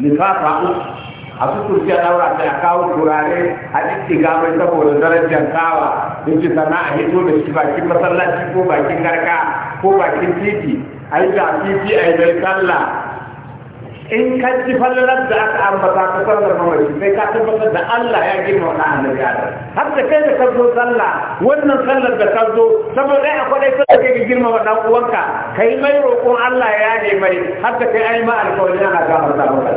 nifafa uku a sutur a daura ta a kawo turare a ɗiɗɗi gamai saboda darajar kawa in ci sana a hito da shi bakin masallaci ko bakin karka ko bakin titi a yi titi a yi mai sallah in ka ci fallar da aka ambata ka sallar mamari sai ka tabbatar da Allah ya girma wa annabi Adam har da kai da ka zo sallah wannan sallar da ka zo saboda a kwaɗai ka kai ka girma wa ɗan uwanka kai mai roƙon Allah ya yi mai har da kai ai ma alƙawari ana da maka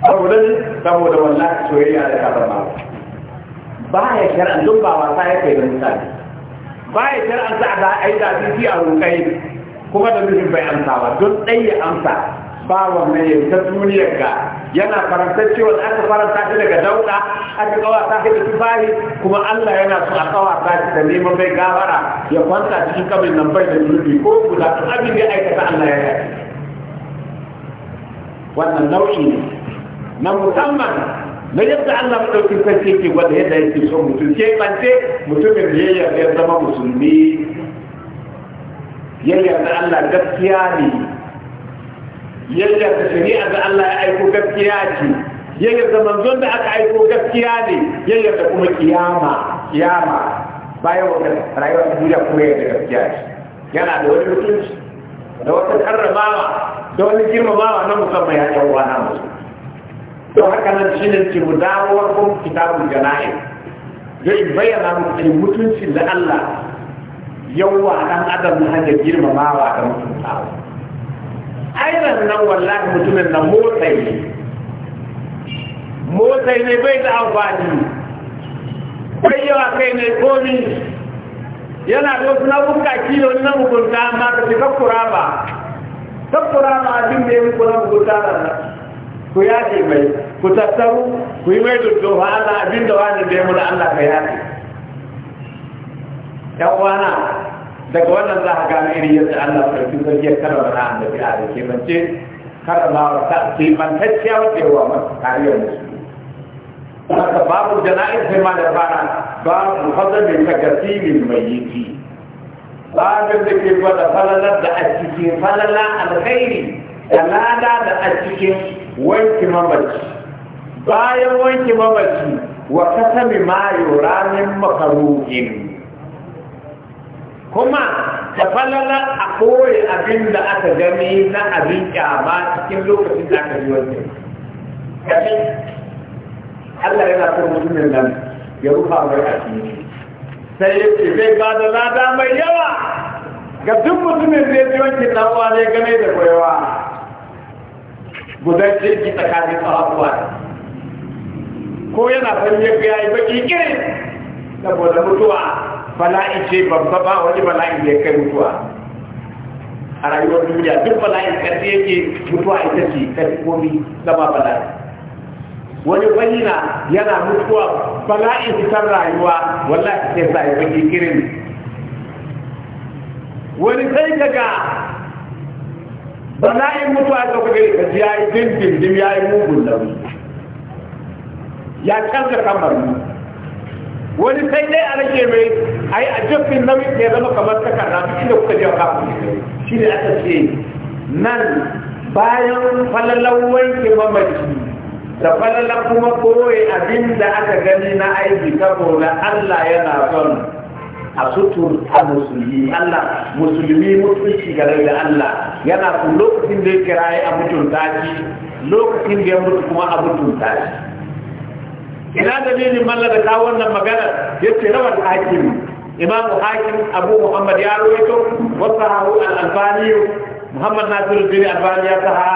saboda saboda wannan soyayya da ka ba ya shar'an duk ba wasa yake da mutane ba ya shar'an za a da aida a rukai kuma da mijin bai amsa ba don dai ya amsa bawan mai yanzu duniyar ga yana farantacce wanda aka faranta shi daga dauka aka kawata ta da tufahi kuma Allah yana so a kawata shi da neman bai gawara ya kwanta cikin kamin nan bai da zurfi ko guda tun abin da aikata Allah ya yi wannan nau'i ne na musamman na yadda Allah maɗaukin sarki ke gwada yadda yake so mutum ke mutumin da ya zama musulmi ya yarda Allah gaskiya ne ya yarda shari'a da Allah ya aiko gaskiya ce ya yarda manzon da aka aiko gaskiya ne ya yarda kuma kiyama kiyama bayan wannan rayuwar duniya kuma ya yarda gaskiya ce yana da wani mutunci da wata karramawa da wani girmamawa na musamman ya yan uwa na musu don haka nan shi ne ke mu dawo kuma kitabun jana'i zai bayyana muku mutuncin da Allah yawwa dan adam na hanyar girmamawa da mutuntawa ayran nan wallahi mutumin nan motsai ne motsai ne bai da amfani bai yawa kai ne komi yana da wasu nabuka kilo na mugunta amma ka ce kakkura ba kakkura ba abin da ya muku na mugunta da ku yaƙi mai ku tattaru ku yi mai doddofa ana abin da wani da ya muna Allah ka yaƙi. yan daga wannan za a gano irin yadda Allah sarki zai iya karama na annabi a da kebance karama wa ta kebantacciya wadda yawa masu kariya musulmi haka babu jana'in sai ma da fara babu hazamin tagasimin mai yi babin da ke gwada falalar da a cikin falala alkhairi da lada da a cikin wanki mamaci bayan wanki mamaci wa kasami ma yura min makaruhin kuma da falala a kowai abin da aka gani na abin kyama cikin lokacin da aka yi wannan Allah yana son mutumin nan ya rufa mai asiri sai ya ce zai ba da lada mai yawa ga duk mutumin zai ya ji wankin dan ne game da koyawa gudan ki tsakanin tsawakuwa ko yana son ya yi yayi baki saboda mutuwa bala'in ce babba ba wani bala'in da ya kai mutuwa a rayuwar duniya duk bala'in ƙarfi yake mutuwa ita ce ƙarfi komi zama bala'in wani wani na yana mutuwa bala'in fitar rayuwa wallahi sai sa ya kirin wani sai daga bala'in mutuwa ta kuka gari ka ji ya yi dindindim ya yi mugun nauyi ya canza kamar mu wani sai dai a rage mai a yi ajabin nauyin da ya zama kamar takarda inda kuka je ka shi ne aka ce nan bayan falalan wanke mamaki da falalan kuma koyi abin da aka gani na aiki saboda Allah yana son a a musulmi Allah musulmi mutunci rai da Allah yana lokacin da ya kira ya abu tuntaki lokacin da ya mutu kuma a tuntaki ina da dalilin mallaka ta wannan magana yace rawar hakim imam hakim abu muhammad ya rawaito wa sahahu al-albani muhammad nasir bin albani ya taha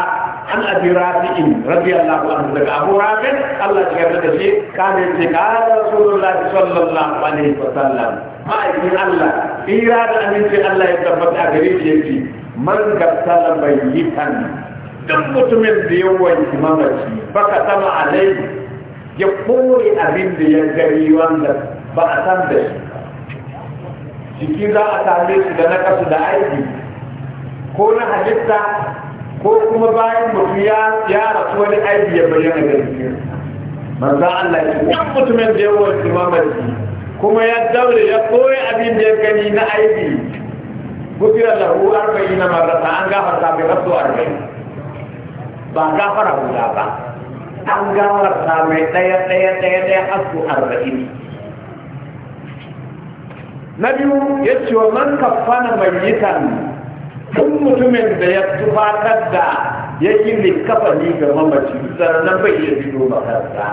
an abi rafi'in radiyallahu anhu daga abu rafi Allah ya yarda da shi kana ce ka rasulullahi sallallahu alaihi wasallam ma'aikin Allah ira da aminci Allah ya tabbata a gare shi yace man yi bayyitan duk mutumin da yawan imamaci mamaci baka sama alaihi ya kore abin da ya gari wanda ba a san da shi jiki za a same shi da kasu da aiki ko na halitta ko kuma bayan mutum ya rasu wani aiki ya bayyana da jiki manzo Allah ya ce mutumin da ya wani mamaki kuma ya daure ya kore abin da ya gani na aiki gufira yi arba'ina marrata an gafarta bi rasu arba'in ba gafara guda ba an gawarta mai ɗaya daya daya ɗaya asu arba'in na biyu ya ce wa man kafana mayyitan tun mutumin da ya tubatar da ya yi likafani ga mamaci sannan bai yi fito makaranta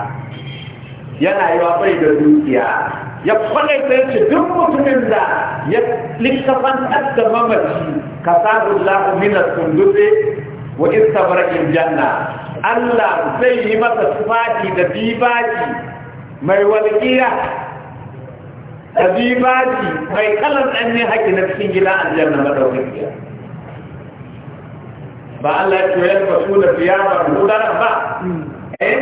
yana yi wa bai da dukiya ya kwanai ta ce duk mutumin da ya likafan da mamaci kasarullahu minas kunduze wa istabara'in janna Allah zai yi masa tufafi da bibaji mai walƙiya da bibaji mai kalan ɗanyen haƙi na cikin gida a aljanna madaukakiya ba Allah ya koyar da su da fiyamar ba eh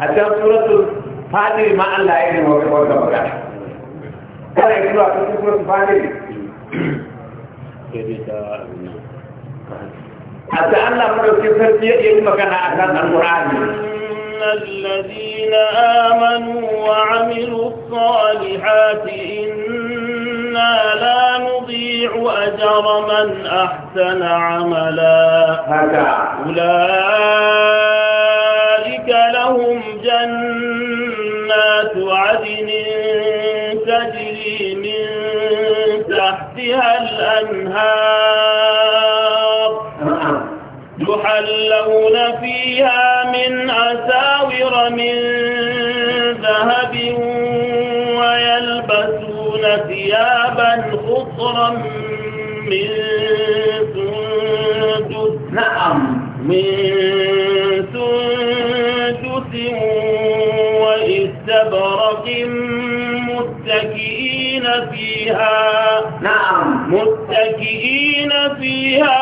a can suratul fadir ma Allah ya yi wa wata magana kada ya zuwa cikin suratul fadir sai حتى الله ملوك فرقي يجمع كان أكثر القرآن إن الذين آمنوا وعملوا الصالحات إنا لا نضيع أجر من أحسن عملا هكا. أولئك لهم جنات يتحلون فيها من أساور من ذهب ويلبسون ثيابا خطرا من سندس نعم من سندس وإستبرق متكئين فيها نعم متكئين فيها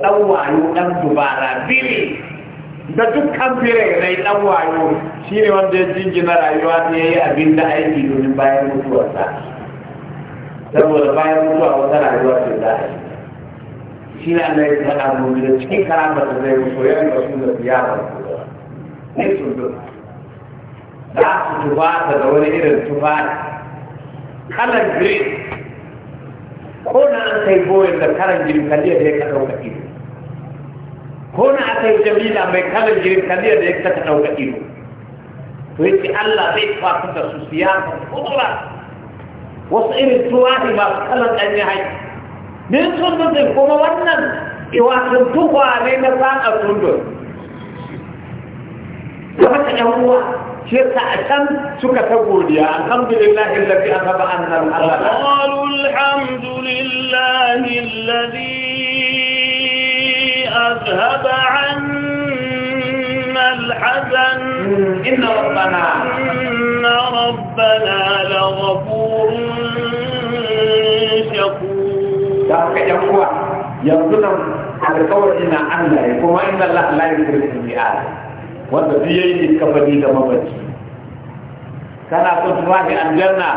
ɗan wayo ɗan dubara biri da dukkan birai ɗan wayo shi ne wanda ya jingina rayuwa ne ya yi abin da aiki domin bayan mutuwarsa saboda bayan mutuwa wata rayuwa ce za a yi shi ne yi ta ɗan mu da cikin karama da zai mutu ya yi wasu da ziyara ne sun duk za su tubata da wani irin tubata kalan gire ko na an kai boyin da karan jirgin kalli da ya ka ɗauka ido هنا أتوا جميلة ما يكمل جريم كبير ليكتك توقيته ويجي الله بيت فاتك سوسيان خطرة وصئر التواتي ما تخلت أن يعي من سندس كما ونن إواسم تقوى علينا ساعة سندس وحتى يهوه شيخ عشان سكة تقول يا الحمد لله الذي أذهب عنا الحزن قالوا الحمد لله الذي أذهب عنا الحزن إن ربنا إن ربنا لغفور شكور دعوك يا أخوة على قول إن الله يقوم إن الله لا يدرك المئات wanda duk yayi iskafani da mabaci kana so tuwa ga aljanna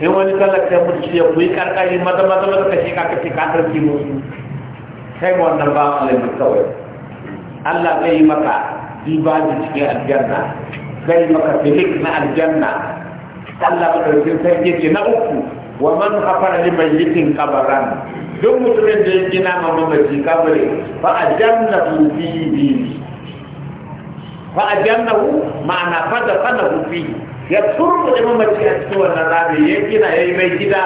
sai wani talaka ya mutu ya kuyi karkari maza maza maza ka shi ka kace ka tarki musu sai ma wannan ba Allah mai kawai Allah zai yi maka dibaji cikin aljanna zai maka filik na aljanna Allah sai ke ce na uku wa man hafara li mayyitin qabaran duk mutumin da ya gina ma mamaci kabari fa aljannatu fi bi fa aljannahu ma'ana fa da fa fi ya turu da mamaci a cikin wannan rami ya gina yayi mai gida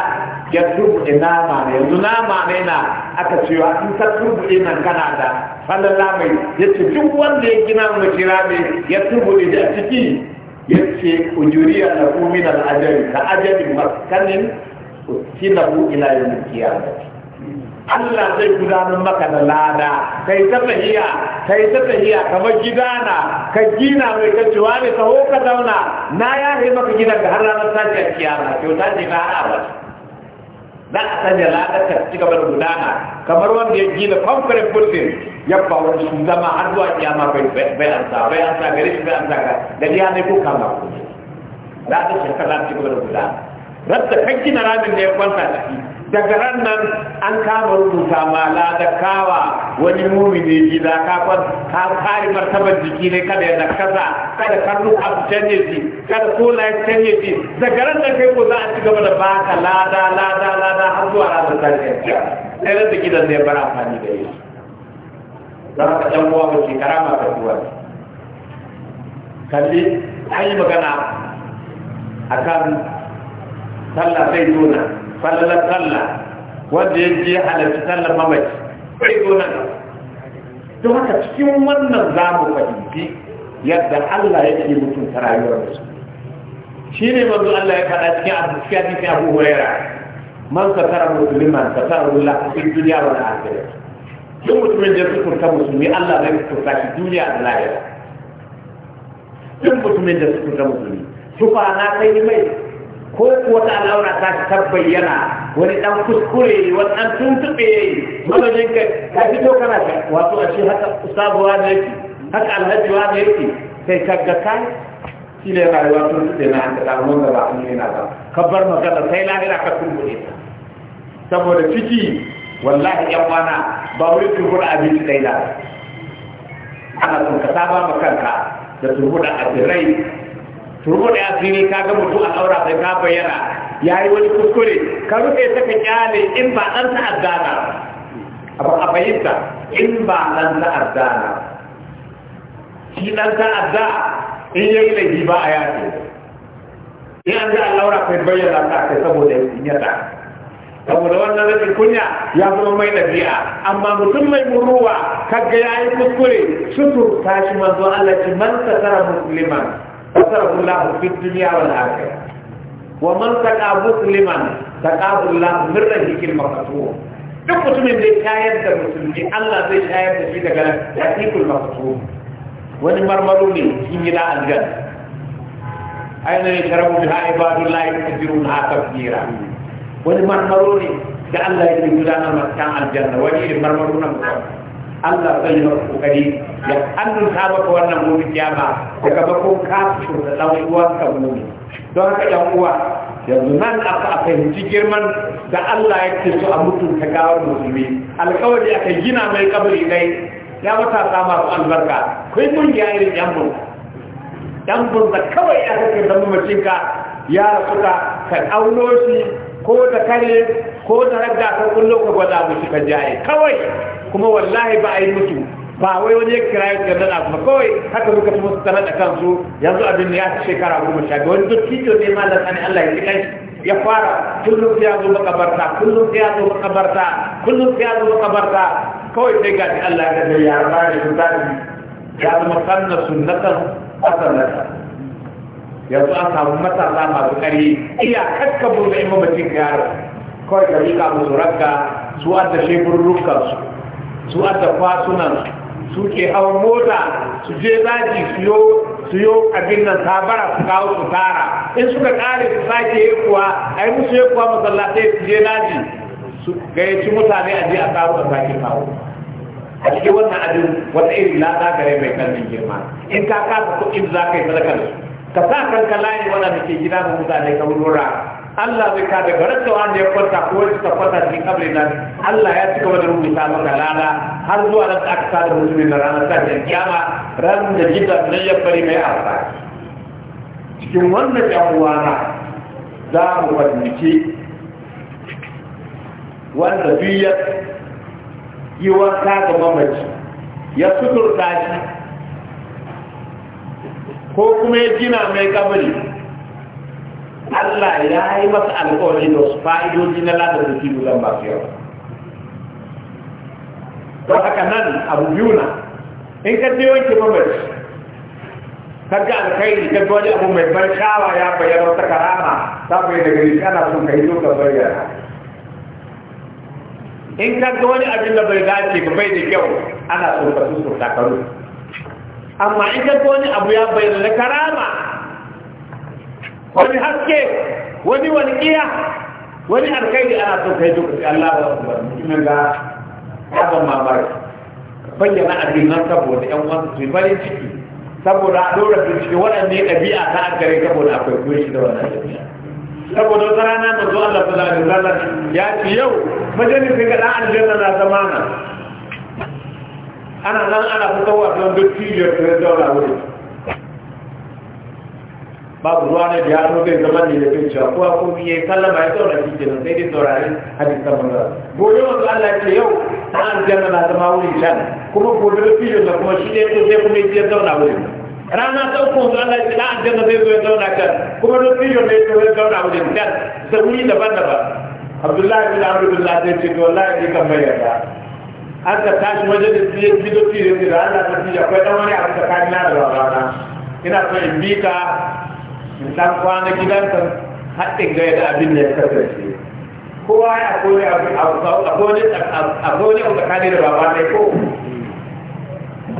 ya turbuɗe nama ne yanzu nama ne na aka cewa in ka turbuɗe nan kana da falala mai ya ce duk wanda ya gina mu kira ne ya turbuɗe da ciki ya ce ujuriya na kumin al'ajari ka ajari maskanin bu ila yin kiya Allah zai gudanar maka da lada kai ta tahiya kai ta tahiya kamar gidana ka gina mai kacewa ne ka ho ka zauna na yare maka gidan ga har ranar sashen a kiyama kyauta ce na haɗa za a sanya ladatar ci gaba da gudana kamar wanda ya gina kwamfanin bulletin ya ba da shi zama har zuwa kiyama bai an sa bai an sa gari shi bai an sa da ya ne ko kama ko ladatar shekara ci gaba da gudana rabta kan gina ramin da ya kwanta ciki daga ranar nan an kama rubuta mala da kawa wani mumini gida ka ka kare martabar jiki ne kada ya kasa kada karnu a canje shi kada kola ya canje shi daga ranar kai ko za a ci gaba da baka lada lada lada har zuwa ranar tashin kiyar ɗaya da gidan zai bar amfani da yi don haka ɗan uwa ba shekara ma ka zuwa kalli an yi magana akan sallah zai zo falalar sallah wanda ya je halarci sallar mamaci bai zo nan don haka cikin wannan zamu fahimci yadda Allah yake mutunta rayuwar musu shi ne manzo Allah ya faɗa cikin abu cikin cikin abu huraira man satara musulman satara Allah fi duniya wal akhirah duk mutumin da ya suturta musulmi Allah zai suturta shi duniya da lahira duk mutumin da suturta musulmi tufa na kai mai ko wata al'aura ta ta bayyana wani dan kuskure ne wani dan tuntube mazajin ka ka fito kana ka wato a shi haka sabuwa ne yake haka alhaji wa ne yake sai ka ga kai shi ne rayuwa tun tuɗe na hanta ɗan da ba a nuna ba ka bar magana sai lahira ka kumbure ta saboda ciki wallahi yan wana ba wuri tumbura abinci ɗaya ana sun ka saba ma kanka da tumbura a tirai rubu da asiri ka ga mutum a ɗaura sai ka bayyana ya yi wani kuskure ka rufe ta ka kyale in ba ɗan ta'adda na a bayyanta in ba ɗan ta'adda na shi ɗan ta'adda in yi laifi ba a yaƙi in an ga laura kai bayyana ta kai saboda ya ta saboda wannan rashin kunya ya zama mai ɗabi'a amma mutum mai muruwa kaga ya yi kuskure suturta shi manzo Allah ci man satara musulman فصرف الله في الدنيا والآخرة ومن تقى مسلما تقاه الله من رجلك المقصود duk mutumin da shayar da musulmi Allah zai shayar da shi daga latiful maqsum wani marmaro ne cikin gida aljan aina ne sharabu bi ha ibadullahi tajirun ha tafsira wani marmaro ne da Allah ya gudanar da kan aljanna wani irin na musamman Allah zai yi kokari ya annunta maka wannan mumin kiyama daga bakon kafin da ɗan uwanka mumin don haka yan uwa yanzu nan aka a fahimci girman da Allah ya ce su a mutunta gawar musulmi alkawari aka gina mai kabari dai ya matasa masu albarka kai kungiya irin yan bunza yan da kawai aka kake zama macinka ya suka ka ɗauno shi ko da kare ko da radda kan kullo ka gwada musu ka jaye kawai kuma wallahi ba a yi mutu ba wai wani ya kira ya tsirna da kuma kawai haka muka fi musu tare da kansu yanzu abin ya fi shekara goma sha biyu wani dottijo ne ma da sani Allah ya ji kai ya fara kullum sai ya zo makabarta kullum sai ya zo makabarta kullum sai ya zo makabarta kawai sai ga shi Allah ya ga ya ba da su tafi ya zama sanna sunnatan asalata yanzu an samu matasa masu kare iya kakkabu da imamacin yaro kawai rika musu rakka su adda shekurrukansu su adda kwasunan su ke hawan mota su je zaji su yi abin nan tabara su kawo su tara in suka ƙare su sake yi kuwa a yi musu yi kuwa masallatai su je zaji su gayyaci mutane a je a karo a sake kawo a cikin wannan abin wata iri lada gare mai kallon girma in ka kasa kuɗin za ka yi sadakar ka sa kanka layi waɗanda ke gida mu mutane ka wurwura Allah zai ka daga rasa wanda ya kwanta ko wani ta kwanta cikin kabri nan Allah ya cika wani rubuta maka rana har zuwa nan da aka sada mutumin da ranar ta kiyama ran da gidan nan ya fari mai alfa cikin wannan yan uwana za mu fahimci wanda duk ya yi wanka ga mamaci ya suturta shi ko kuma ya gina mai kabari Allah ya yi masa alƙawari da wasu fa'idoji na lada da kibu zan ba su yawa don haka nan abu biyu na in ka je wanke mamaci ka ga alkhairi ka ga wani abu mai ban shawa ya bayyana wata karama ta bayyana gari kana sun kai zo ka bayyana in ka ga wani abin da bai dace ba bai da kyau ana son ka su so takaru amma in ka ga wani abu ya bayyana na karama wani haske wani walƙiya wani alkhairi ana son kai duk Allah wa akbar mutumin ga abin mamari bayyana addinan saboda ƴan wasu su bari ciki saboda a dora bincike waɗanne ɗabi'a ta agare gare saboda akwai shi da wannan ɗabi'a saboda wata rana da zuwa Allah sallallahu alaihi wasallam ya ce yau majalisin ga ɗan aljanna na zamana ana nan ana fitowa don duk cibiyar da daura wuri babu ruwa ne da ya zo zai zama ne da zai cewa kowa ko biye kallama ya zauna shi kenan sai dai saurarin hadisan manzo gobe wanzu Allah ce yau ta an na zama wurin can kuma gobe da fiye da kuma shi ne to sai kuma ya zauna wurin rana ta uku wanzu Allah ce an janna zai zo ya zauna kuma da fiye da ya zauna wurin can da wuri daban-daban Abdullahi bin Amr bin ce to ne kan bayyana an ka tashi wajen da su yi bido fiye da Allah ta fiye akwai ɗan wani abu tsakanin na da babana ina so in bi dan kwana ta haɗin gaya da abin da ya kasance kowa ya koyi akwai a tsakani da baba ne ko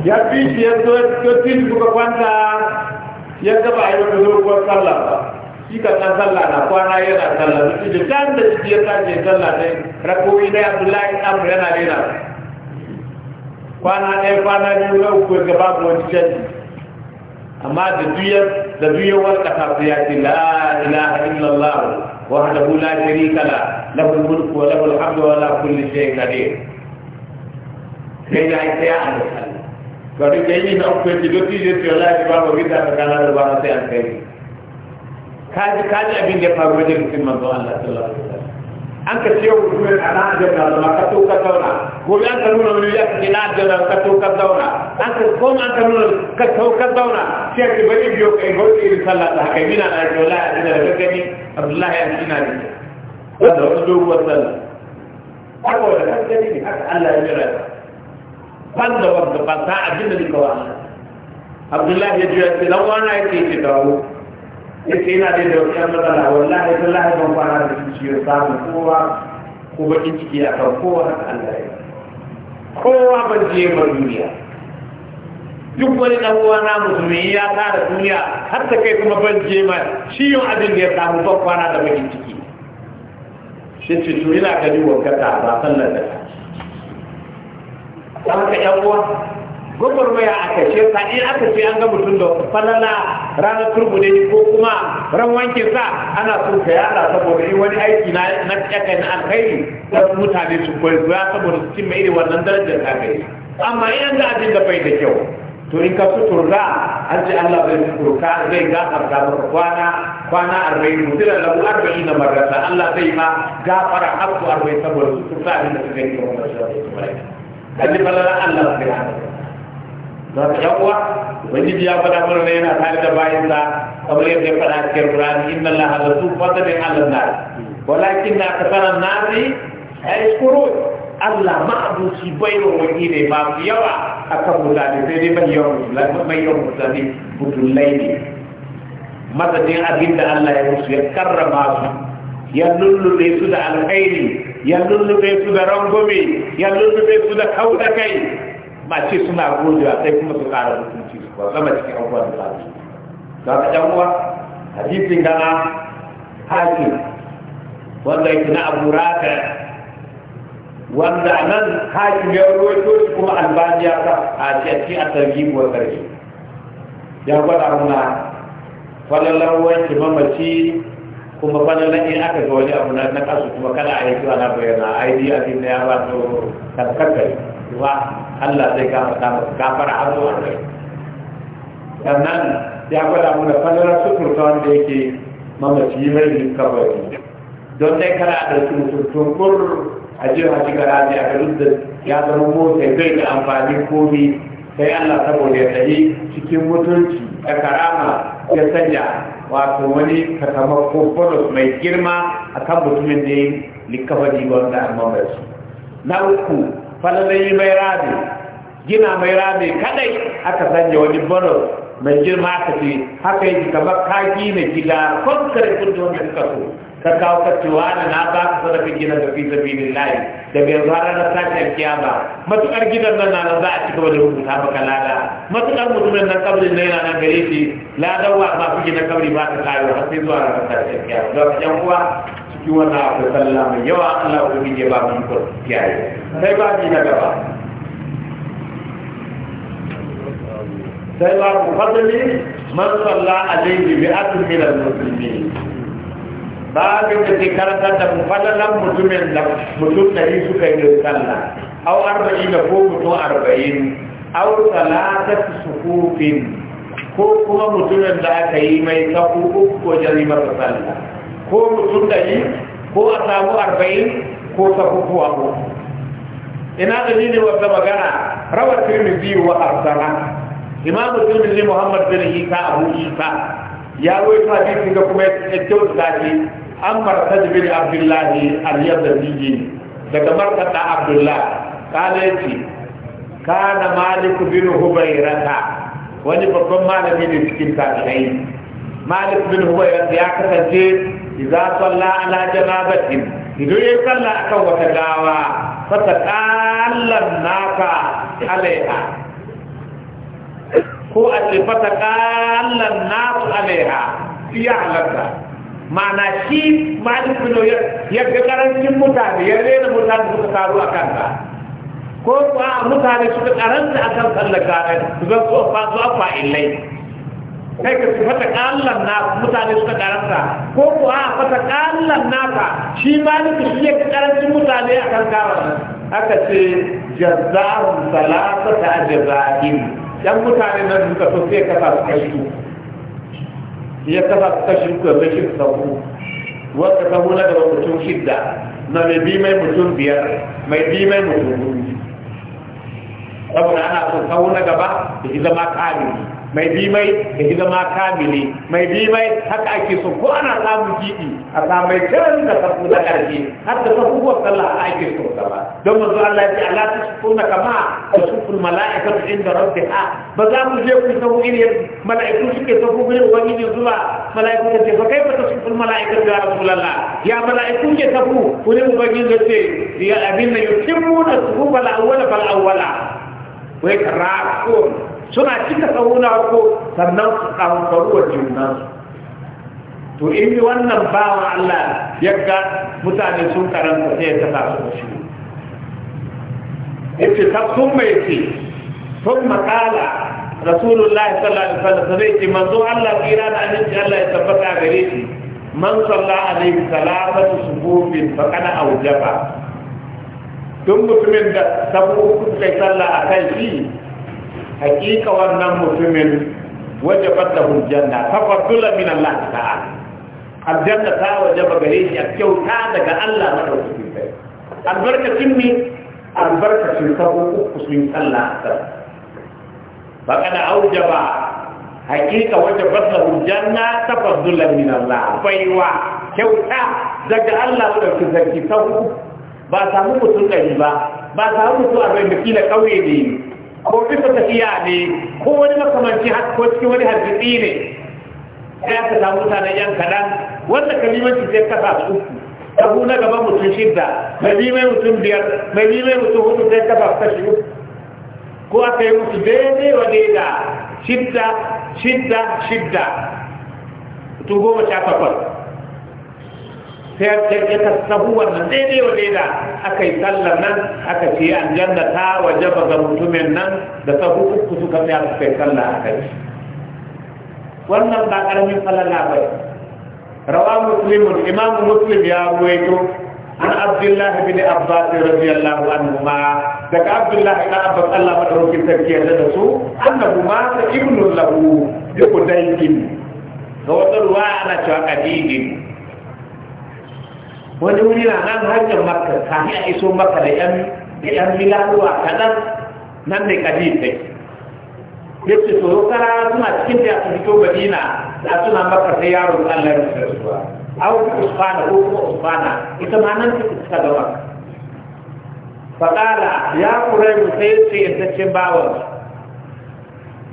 ya fi shi ya zo ya fi shi kuka kwanta ya gaba a yi wata doguwar sallah ba shi ka san sallah na kwana yana sallah da shi da can da shi ya tashi sallah ne rakowi na abdullahi amur yana rena kwana ɗaya kwana biyu na uku ga wani canji amma da duyar da duyar warka ta su ya ce la ilaha illallah wa wahdahu la sharika la lahu mulku wa lahul hamdu wa la kulli shay'in qadir sai da ai sai an gari da yi na ku ji doti je ce la ba ba gida ka kana da ba sai an kai kaji kaji abin da faru wajen mutum manzo Allah sallallahu alaihi wasallam an ka ce ku kuma ana da ka zama ka to ka tauna gobe an ka nuna wani ya ce na da ka to ka zauna an ka koma an ka nuna ka to ka zauna sai ka bari biyo kai ba ki irin sallah ta haka mina na ji wallahi ina da gani abdullahi ya ci na ni wanda wani doguwar sallah haka wanda kan gani ne haka Allah ya jira ban da wanda ban sa abin da ni ka wani abdullahi ya ji ya ce dan wani ya ce ki dawo yace ina da da wata matsala wallahi sallahi ban fara da ciwo samu kowa ko bakin ciki a kan kowa haka Allah ya yi kowa ban je ba duniya duk wani dan uwa na musulmi ya tara duniya har ta kai kuma ban je ma shi yau abin da ya samu ban kwana da bakin ciki shi ce to ina gani wankata ba sallar da ta haka yan uwa mai a kashe sa in aka ce an ga mutum da falala ranar ne ko kuma ran wanke sa ana so ka yada saboda yi wani aiki na na kyaka na alkhairi da mutane su koyi zuwa saboda su cimma irin wannan darajar ta kai amma in an ga abin da bai da kyau to in ka suturta an ce Allah zai suturta zai gafarta maka kwana kwana arba'in da lahu arba'in na marasa Allah zai ma gafara har su arba'in saboda suturta abin da suka yi kamar da shi da su bai. Allah Allah don ka yan wani ubangiji ya faɗa mana ne yana tare da bayan sa kamar yadda ya faɗa cikin Qur'ani inna Allah la tufata bi al-nar walakin akthara an-nasi yashkurun Allah ma'abuci baiwa wani ne masu yawa a kan mutane sai dai bai yawan mai yawan mutane budullai ne madadin abin da Allah ya musu ya karrama su ya lullube su da alkhairi ya lullube su da rangwame ya lullube su da kaudakai. ma ce suna a sai kuma su ƙara mutunci su ba sama cikin abubuwan da zaɓi da haka ɗan uwa hadisin gana haƙi wanda yake na abu raka wanda nan haƙi ya rawaito shi kuma albaniya ya a ce a targi kuwa ƙarshe ya gwada muna falalar wanke mamaci kuma falalar in aka ga wani abu na kasu kuma kada a yi zuwa na bayyana a yi biya ne ya ba to karkarkar ba Allah zai gafarta masa gafara har zuwa kai sannan ya gwada mana falalar sukurta wanda yake mamaci mai yin kabari don dai kana da suturtun kur a jin haji ne a garin da ya zama motsa kai da amfani komi sai Allah saboda ya tsaye cikin mutunci da karama ya sanya wato wani ko bonus mai girma a kan mutumin da ya yi likabari wanda a mamaci na uku falalai mai rami gina mai rami kadai aka sanya wani boro. mai girma aka ce haka yake kama kaki na gida kun kare kudin wanda suka so ka kawo ka cewa wani na ba ka sadaka gina ka fi sabilin layi daga yanzu har ranar sashen kiyama matukar gidan nan na za a ci gaba da rubuta maka lada matukar mutumin na kabrin na yana nan gare shi ladan wa masu gina kabri ba ta kayo har sai zuwa ranar sashen kiyama don yan uwa cikin wannan abu sallah mai yawa Allah ku ne ba mu ko kiyaye sai ba ni na gaba sai la ku fadli man salla alayhi bi akmil al muslimin ba ga da ke karanta da fadalan mutumin da mutum dari suka yi sallah au arba'in ko mutum arba'in aw salatatu sufufin ko kuma mutumin da aka yi mai sahu uku ko jarimar masa sallah ko mutum ɗari ko a samu arba'in ko ta a ko ina ne wata magana rawar biyu wa arsala imam ne muhammad bin isa abu isa ya wai rawaito hadisi ga kuma ya kyauta shi an da bin aliyar da biyu daga abdullahi kala kana yace kana maliku bin hubairata wani babban malami ne cikin tabi'ai malik bin huwayrat ya kasance su salla ala janabatin idan ya a kan wata gawa fata qallan naka alaiha ko a ce fata qallan nasu alaiha ya halatta ma'ana shi malik bin huwayrat ya ga karancin mutane ya rena mutane suka taru a kanta ko kuwa mutane suka karanta kan sallar gawa su zan su a fa'ilai kai ka fata kallon na mutane suka karanta ko kuwa a fata kallan naka shi ma ne shi ya karancin mutane a kan karan aka ce jazzarun Salatu ta ajazahim yan mutane nan suka so sai kasa su kashi ya kasa su kashi ka kashi sabu wanda sabu na daga mutum shidda na mai bi mai mutum biyar mai bi mai mutum saboda ana so sabu na gaba da zama kamili mai bi mai da gida ma kamile mai bi mai haka ake so ko ana samun jiɗi a samai kiran da safu na ƙarfi har da safu ko sallah ake so ba don manzo Allah ya ce Allah ta shiko na kama da shukul mala'ika ta inda rabbi ha ba za mu je ku sahu irin mala'iku suke sahu gurin wa ne zuwa mala'iku ta ce ba kai ba ta shukul mala'ika da lalla ya mala'iku ke ne wani ubangiji ya ce ya abin na yutimmu na suhu bal awwala bal awwala wai karatu suna cika tsawuna ko sannan su ɗanfaru wa junansu to in yi wannan bawa Allah yadda mutane sun karanta sai ya tafa su da shi yace ta sun mai ce sun makala rasulullahi sallallahu alaihi wasallam sai ce manzo Allah kira da annabi Allah ya tabbata gare shi man salla alaihi salatu subuhin fa kana aujaba duk mutumin da sabu kai sallah akan shi hakika wannan mutumin wajabat lahu janna tafaddula min Allah ta'ala aljanna ta wajaba gare shi a kyauta daga Allah madaukakin sai albarkacin ne albarkacin sabo uku sun sallah ta baka da aujaba hakika wajabat lahu janna tafaddula min Allah wa? kyauta daga Allah madaukakin sarki sabo ba samu mutum ɗari ba ba samu mutum arba'in da kila ƙauye da yi ko bisa tafiya ne ko wani makamanci ko cikin wani hargitsi ne sai aka samu mutanen yan kaɗan wanda kalimanci zai kasa su uku abu na gaba mutum shidda mai mai mutum biyar mai mai mutum hudu zai kasa su kashi uku ko aka yi mutu daidai wa daida shidda shidda shidda mutum goma sha takwas sai ta kasahu wannan daidai wa daida aka yi sallar nan aka ce aljanna ta waje ga mutumin nan da sahu uku suka tsaya suka kai sallah a kai wannan ba karamin falala ba rawa muslimun imam muslim ya ruwaito an abdullah bin abbas radiyallahu anhu ma daga abdullah ibn abbas Allah madaukakin sarki ya da su annabu ma ibnu lahu bi qudaykin ga wata ruwa ana cewa qadidin wani wuri na nan hanyar makka kafin a iso makka da yan da yan milaruwa kaɗan nan ne kadir ne yadda tsoro kara suna cikin da su fito madina da suna makka sai yaron allah da rufe su ba aw usmana ko kuma usmana ita ma nan take suka ga makka faƙala ya kurai mu sai ce yantaccen bawan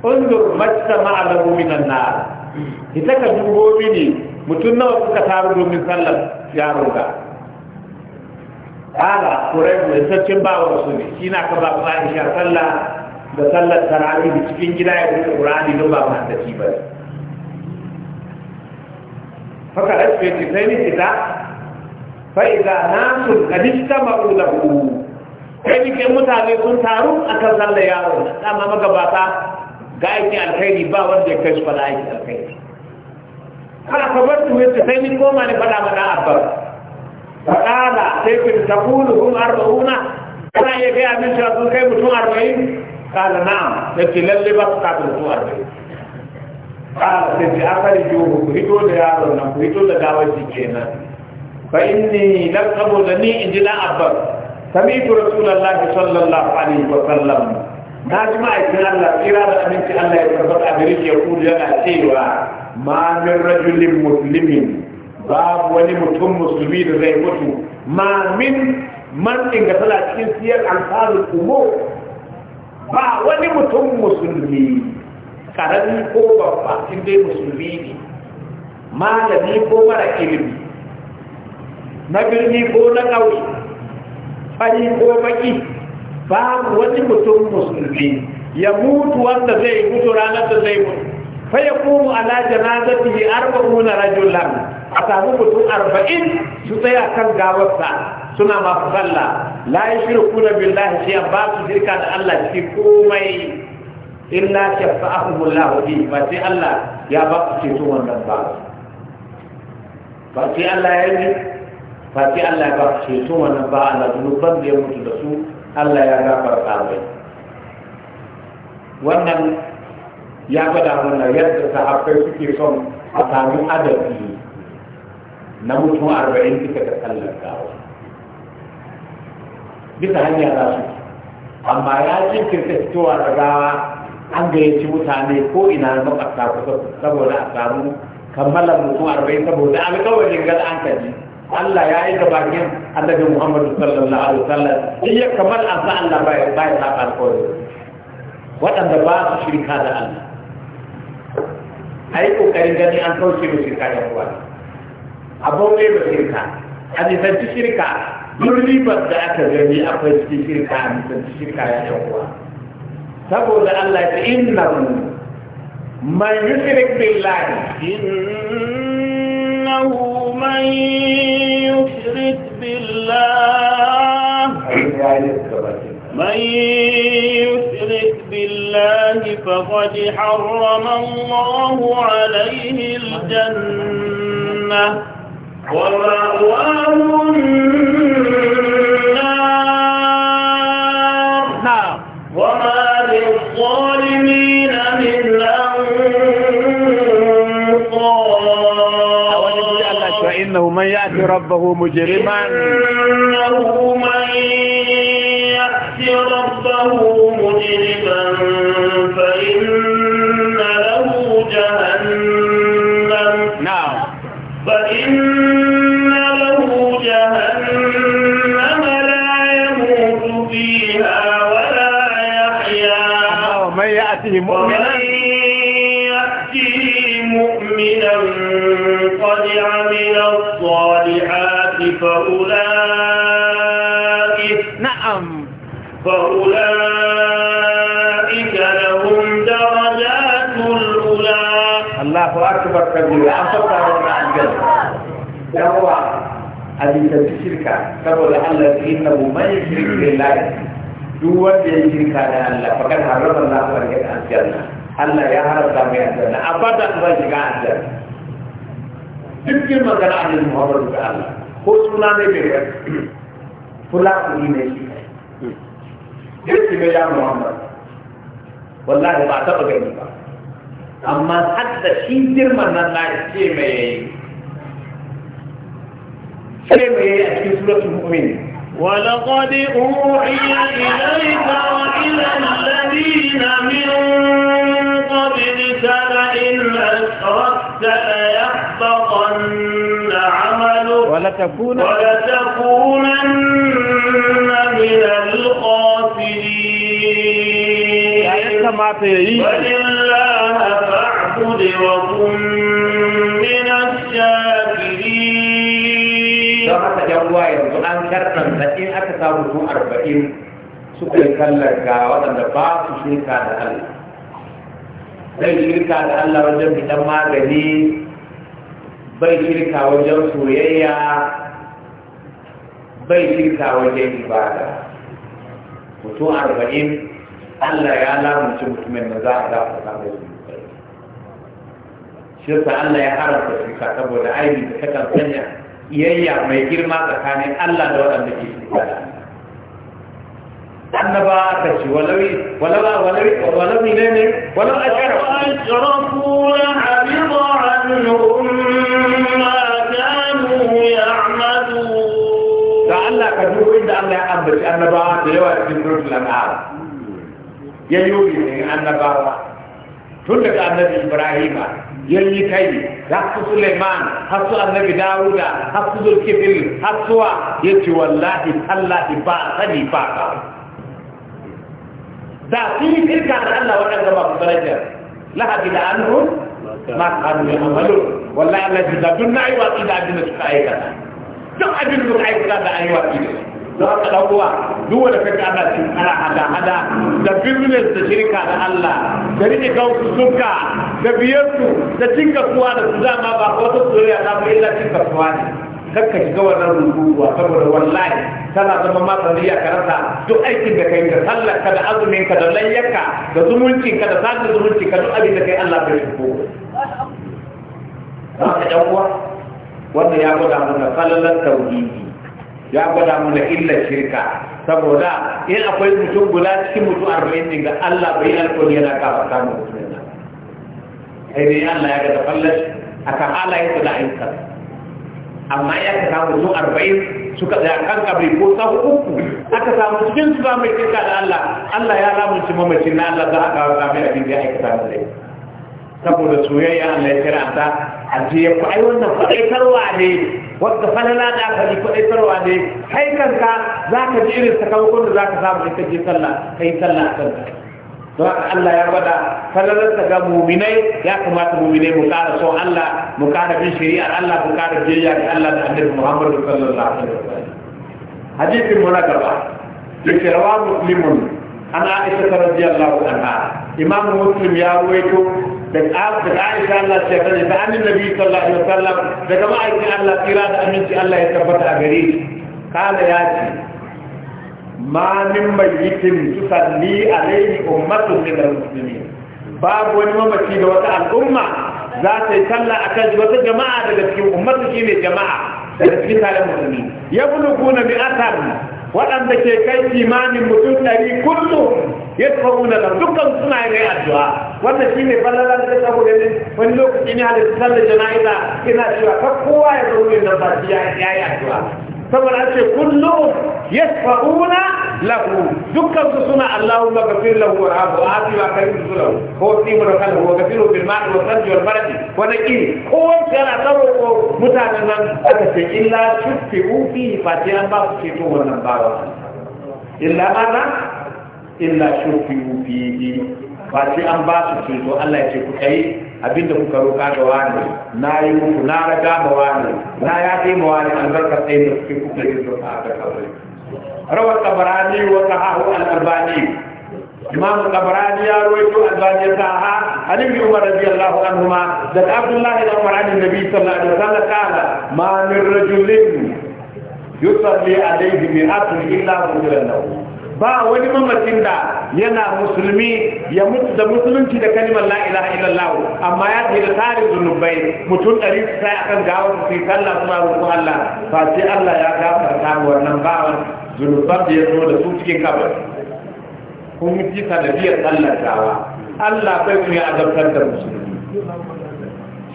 undur matta ma'alamu nan na ita ka dubo mini mutum nawa suka taru domin sallar yaron ala kurebu kurai mai sarkin bawa su ne shi na ka ba ku aisha sallah da sallar tarawih da cikin gida ya rufe qur'ani don ba ku haddaci ba haka asbe ce sai ni fita fa idza nasu qad istamaru lahu kai ni kai mutane sun taru akan sallar yaron dama magabata ga aikin alkhairi ba wanda ya kai shi fada aikin alkhairi kana ka tuwe sai goma ne faɗa mana abbas faɗala sai hum arba'una kana iya gaya min cewa kai mutum arba'in kala na'am yace lalle ba su kafin mutum arba'in sai ku hito da ku hito da na sami'tu rasulullahi sallallahu alaihi wa ji ma'aikin Allah da aminci Allah ya tabbata a gari ke ma min rajulin muslimin babu wani mutum musulmi da zai mutu ma min man inga tana cikin siyar alfazul umur ba wani mutum musulmi karami ko babba in dai musulmi ne malami ko mara ilimi na birni ko na ƙauye fari ko baƙi. babu wani mutum musulmi ya mutu wanda zai mutu ranar da zai mutu fa yaqumu ala janazatihi arba'una rajulan a samu mutum arba'in su tsaya kan gawarsa suna masu sallah la yushrikuna billahi shi ba su shirka da Allah cikin komai illa shafa'ahumullahu bi ba sai Allah ya ba su ceto wannan ba ba sai Allah ya yi ba sai Allah ya ba su ceto wannan ba Allah zunuban da ya mutu da su Allah ya gafarta mai wannan ya faɗa mana yadda sahabbai suke son a sami adabi na mutum arba'in suka ta sallar gawa bisa hanya za su amma ya jinkirta fitowa da gawa an gayyaci mutane ko ina na makasa kusa saboda a samu kammalar mutum arba'in saboda alƙawarin gada an kaji Allah ya yi ga bakin annabi Muhammadu sallallahu alaihi wasallam in ya kamar an sa Allah bai bai ta alƙawari waɗanda ba su shirka da Allah a yi ƙoƙarin ganin an kauce da shirka da ruwa a bauɗe da shirka a nisanci shirka duk ribar da aka gani akwai cikin shirka a nisanci shirka ya yan saboda Allah ya ce inna man yushrik billahi innahu man yushrik billahi man yushrik بالله فقد حرم الله عليه الجنة ومأواه النار نعم. وما للظالمين من من يأتي ربه مجرما إنه من ربه مجرما فإن saboda an sauka wannan aljanna yawa a jikin shirka saboda Allah ya inna bu man da lai duk wanda ya shirka da Allah fakar harama Allah barkat aljanna Allah ya haramta mai aljanna abada ba shiga aljanna duk girma kana annabi Muhammadu da Allah ko suna ne bai kai fulani ne shi kai duk ne ya Muhammad wallahi ba taba gani ba أما حتى shi girman nan na ce mai yayi ce ولقد أوحي إليك وإلى الذين من قبلك لئن أشركت ليحبطن عملك ولتكونن من القاسرين kamata ya yi don haka yanzu an karnanta in aka samu su arba'in suka ga waɗanda ba su shirka da shirka da Allah wajen magani bai shirka wajen soyayya bai shirka wajen ibada mutum arba'in Allah ya lamunci mutumin da za a dafa ta mai shi yasa Allah ya haramta shirka saboda aini da kakan sanya iyayya mai girma tsakanin Allah da waɗanda ke shirka annaba ka ci walawi walawa walawi walawi ne ne walau asharafu asharafu la habida anhum ma kanu ya'malu da Allah ka duba inda Allah ya ambaci annabawa da yawa cikin suratul an'am ya yi obinin annabawa tun daga annabi ibrahima ya yi kai har su suleiman har su annabi dawuda har su zulkifil har suwa ya ce wallahi tallahi ba sani ba ba da sun yi firka da allah wadda ba su darajar lahabi da annu ma kanu ya amalu wallahi allah ji da dun na yi watsi da abin da suka aikata duk abin da suka aikata da an yi watsi don haka ɗan uwa duk wanda kake ana cin ana hada hada da business da shirka da Allah da rike kanku suka da biyarku da cin kasuwa da su dama ba wata soyayya ta ba illa cin kasuwa ne kakka shiga wannan rubuwa saboda wallahi tana zama matsaliya ka rasa duk aikin da kai da sallarka da azuminka da layyaka da zumuncinka da sadar zumuncinka duk abin da kai Allah bai shigo za ka ɗan uwa wanda ya gwada mana falalar tauhidi ya gwada mana illar shirka saboda in akwai mutum guda cikin mutum arba'in ne ga Allah bai alkon yana kafa samun mutum yana sai Allah ya gada fallas a kan halayen su da ayyukan amma ya ka samu mutum arba'in suka tsaya kan kabri ko ta uku aka samu cikin su ba mai shirka da Allah Allah ya ramunci mamacin na Allah za a kawo samun abin da ya aikata da rai saboda soyayya Allah ya kira kiranta aje ku ai wannan faɗaitarwa ne wadda falala da ka ji faɗaitarwa ne kai kanka za ka ji irin sakamakon da za ka samu in ka je sallah kai sallah kanka don haka Allah ya faɗa falalarsa ga muminai ya kamata muminai mu ƙara son Allah mu ƙara bin shari'ar Allah mu ƙara biyayya ga Allah da annabi Muhammadu sallallahu alaihi wasallam hadisin mu na gaba yake rawa muslimun an aisha radiyallahu anha Imam muslim ya ruwaito Daga aisha Allah ce ta da annin nabi sallallahu alaihi wasallam daga ma'aikin Allah tsira da aminci Allah ya tabbata a gare shi kana ya ce ma min mayyitin tusalli alaihi ummatun min al-muslimin babu wani mamaci da wata al'umma za ta yi sallah akan wata jama'a daga cikin ummatu shine jama'a daga cikin tare musulmi ya buluguna bi asar waɗanda ke kai kimanin mutum ɗari kullum ya tsawo na dukkan suna yi addu'a wannan shi ne ballalan da ta samu ne wani lokaci ne da sallar jana'iza ina cewa ka kowa ya zo ne nan ba ya yi addu'a saboda an ce kullum yasfa'una lahu dukkan su suna Allahumma ghafir lahu rahmu wa afi wa karim lahu ko timu kalahu wa ghafiru bil ma'i wa sanji wal maradi wa naqi ko kana taro ko mutanen nan aka ce illa tufi'u fi fatiyan ba su ce to wannan bawa illa ana illa shufi'u fihi ba sai an ba su ceto Allah ya ce ku kai abinda kuka roƙa ga wani na yi muku na raga ma wani na ya kai ma wani albarkar sai da kuke kuka yi su a ga kawai rawar tabarani wa sahahu al-albani imam tabarani ya rawaito albani saha ali bin umar radiyallahu anhuma da abdullahi da umar an nabi sallallahu alaihi wasallam kana ma min rajulin yusalli alayhi mi'atun illa hu lahu ba wani mamacin da yana musulmi ya mutu da musulunci da kalimar la ilaha illallah amma ya ji da tarin zunubai mutum ɗari su sai akan gawar su sai sallah suna roƙon Allah fa sai Allah ya gafarta wannan bawan zunuban da ya zo da su cikin kabar kun yi sanadiyar Allah gawa Allah bai kun yi azabtar da musulmi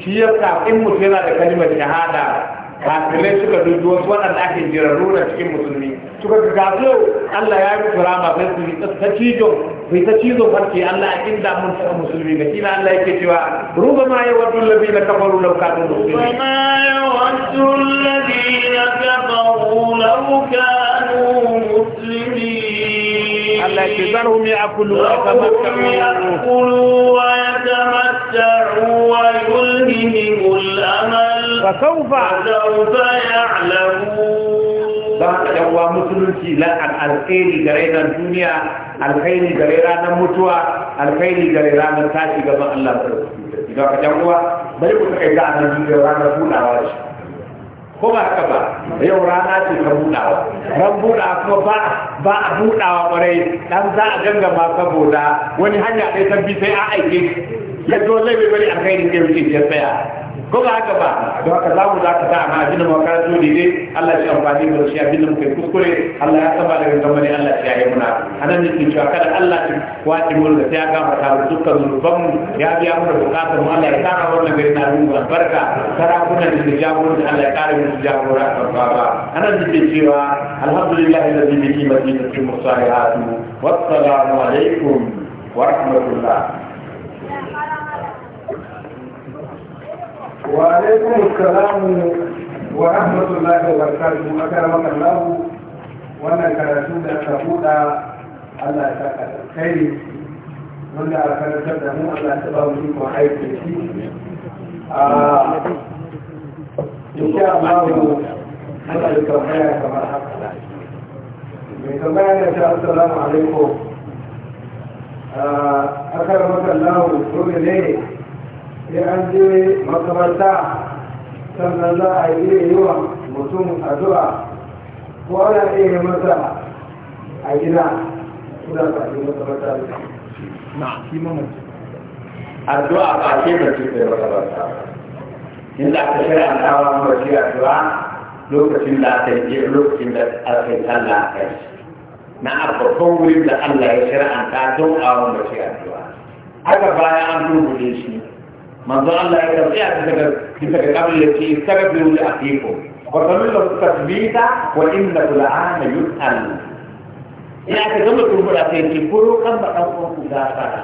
shi ya sa in mutum yana da kalimar shahada kafirai suka dubi wasu waɗanda ake jirarru na cikin musulmi suka ga gaso Allah ya yi musu rama sai su ta cizo bai ta cizo farke Allah inda mun taɓa musulmi da kila Allah yake cewa ruba ma ya waddu labi na kafaru lau kanu musulmi. ruba ma ya waddu labi na kafaru lau kanu musulmi. Allah ya ce zaru mi akulu wa yatamattaru wa yatamattaru wa yul فسوف فسوف يعلمون بعد جوا مسلمتي لا الخير غير الدنيا الخير غير المتوى الخير غير التاشي كما الله إذا كجوا bari ku kai da annabi da ranar budawa shi ko ba ka ba yau rana ce ta budawa ran budawa kuma ba ba a budawa kwarai dan za a gangama saboda wani hanya ɗaya ta bi sai a aike ya zo zai bai bari alkhairin ke yake ya tsaya goma haka ba don haka za mu za ka sa a abinda mu ka zo dai Allah ya amfani da shi abinda mu kai kuskure Allah ya saba daga gamani Allah ya yi muna anan ne cewa kada Allah ya wace mu da ya gama mu dukkan zunuban mu ya biya mu da bukatar mu Allah ya kara wannan gari na mu barka sarakuna da da jagoro da Allah ya kara mu jagora ka baba anan ne cewa alhamdulillah alladhi bi ni'matihi tatimmu salihatu wassalamu alaikum wa وعليكم السلام ورحمة الله وبركاته أكرمك الله wannan karatu da aka buɗa Allah ya saka kai wanda aka karantar da mu Allah ya ba mu iko aiki shi a insha Allah da tambaya kamar haka mai tambaya ne ta assalamu alaikum a sai an je makaranta sannan za a iya yi wa mutum addu'a ko ana iya yi masa a gida kuna ba yi makaranta da na shi mamaci addu'a ba ke ba ce kai makaranta inda aka shirya an kawo mace addu'a lokacin da aka yi lokacin da aka yi sallah a kai na abubuwan wurin da Allah ya shirya an kawo don awon mace addu'a haka baya an turbude shi manzon Allah ya tsaya bisa ga bisa ga kabin ya ce sagabiru li akikum wa kamillu tasbita wa inna kula ana yus'al ina ka gama kurbura sai ki kuro kan ba dan uwan ku gafara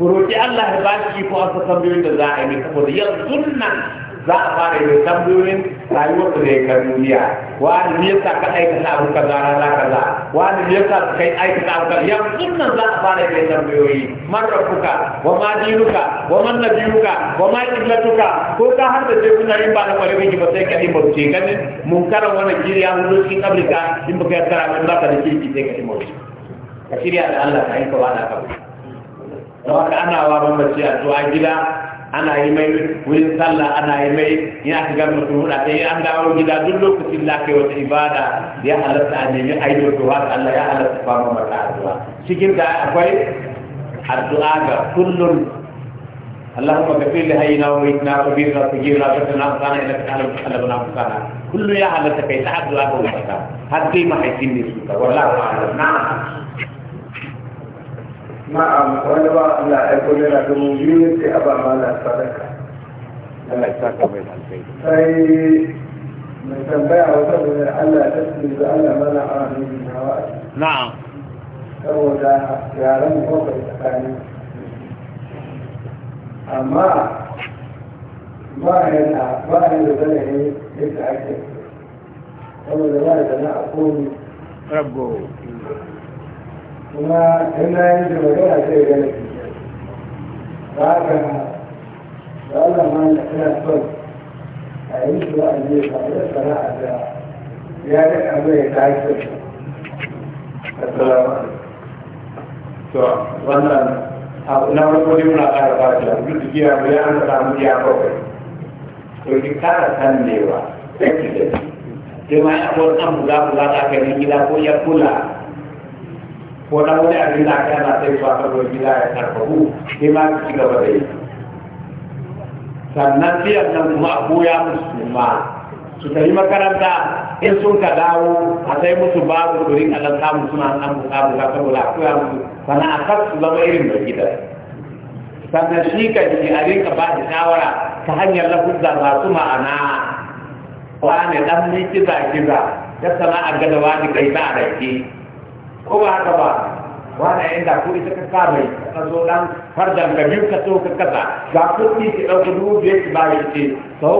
ku roki Allah ya baki ko an san tambayoyin da za a yi saboda yanzu nan za a fara yin tambayoyin rayuwar su da ya kan duniya wani ne yasa ka aikata abu kaza rana kaza wani ne yasa ka kai aikata abu kaza Yan sunan za a fara kai tambayoyi marar kuka, wa ma dinuka wa man nabiyuka wa ma qiblatuka ko ka har da sai kuna yin ba na kwarewa ki ba sai ka yi bauce ka ne mun karan wani kiri hudu cikin kabrika in baka yarda ranar za ka da kirki sai ka yi bauce ka shirya da Allah ka yi ka ba da kabrika don haka ana wa bambanci a zuwa gida ana yi mai wurin sallah ana yi mai yana shiga mutum hudu sai an dawo gida duk lokacin da ke wata ibada ya halatta a nemi a yi dokowa da Allah ya halatta ba mu mata addu'a cikin da akwai addu'a ga kullun اللهم اغفر لهينا وميتنا وكبيرنا وصغيرنا وفتنا وقانا انك تعلم تقلبنا وفقانا كل يا هذا تكيت حد لا هو حتى ما حيتني سوكا والله اعلم نعم نعم ولو لا يكون لك موجود في أبا ما لا تركه أي طيب، من تنبع وتبني ألا تسمي بألا منع من الهوائي نعم هو ده يا رمي فوق الثاني أما ما هي ما هي اللي بنعي يتعكس هو اللي ما يتنعقوني ربو kuma ina yin da magana sai gane ba ka da Allah ma na kira son a yi su a ne ba da sana'a da ya ga abu ya tashi assalamu alaikum to wannan abu na farko ne muna ƙara ba da duk giya mu ya an samu ya bakwai to ki kara sannewa sai ya ko an buga buga ta kai gida ko ya kula ko na wani abin da aka yana sai zuwa karo gida ya tarbabu sai ma ka ci gaba da yi sannan siyan nan kuma a koya musu ma su tafi makaranta in sun ka dawo a sai musu babu su rinka dan samu suna nan buka buka saboda a koya musu sannan a kar su zama irin mai gida sannan shi ka ji a rinka ba da shawara ta hanyar lafuzza masu ma'ana wane dan ni kiza kiza ya sana'a gadawa ni kai ba rake ko ba haka ba wani da ku ita ka kame ka zo nan har da biyu ka so ka kasa ga kuɗi ki ɗauki dubu biyar ki bayi ce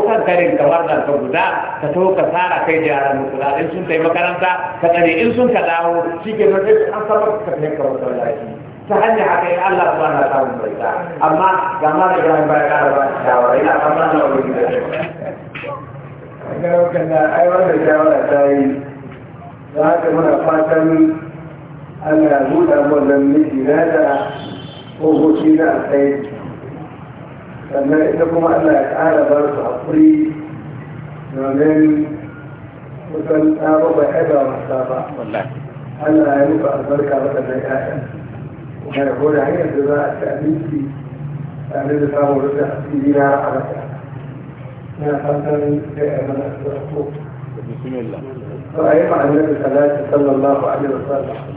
kan karin kamar da ka guda ka so ka tsara kai da yaran kula in sun tai makaranta ka tsare in sun ka dawo shi ke nan sai an saba ka kai ka yi ta hanyar haka yi Allah su ana samun baita amma ga mara Ibrahim bai ƙara ba shawara ina kamar da wani gida ne Ga wakan da aiwatar da shawara ta yi za ka muna fatan أنا هنا مذنب لنا وغسل أخيك فما إنكم أنا أعلى برد عقري ومن وكان أعرض حبا وحسابا أنا أعلم أعرضك وكان أعلم وكان أقول عين الزباء التأميسي أعلم فهو رجع في دينا عرفة ما حسن في أمان أخوك بسم الله فأيما عن النبي صلى الله عليه وسلم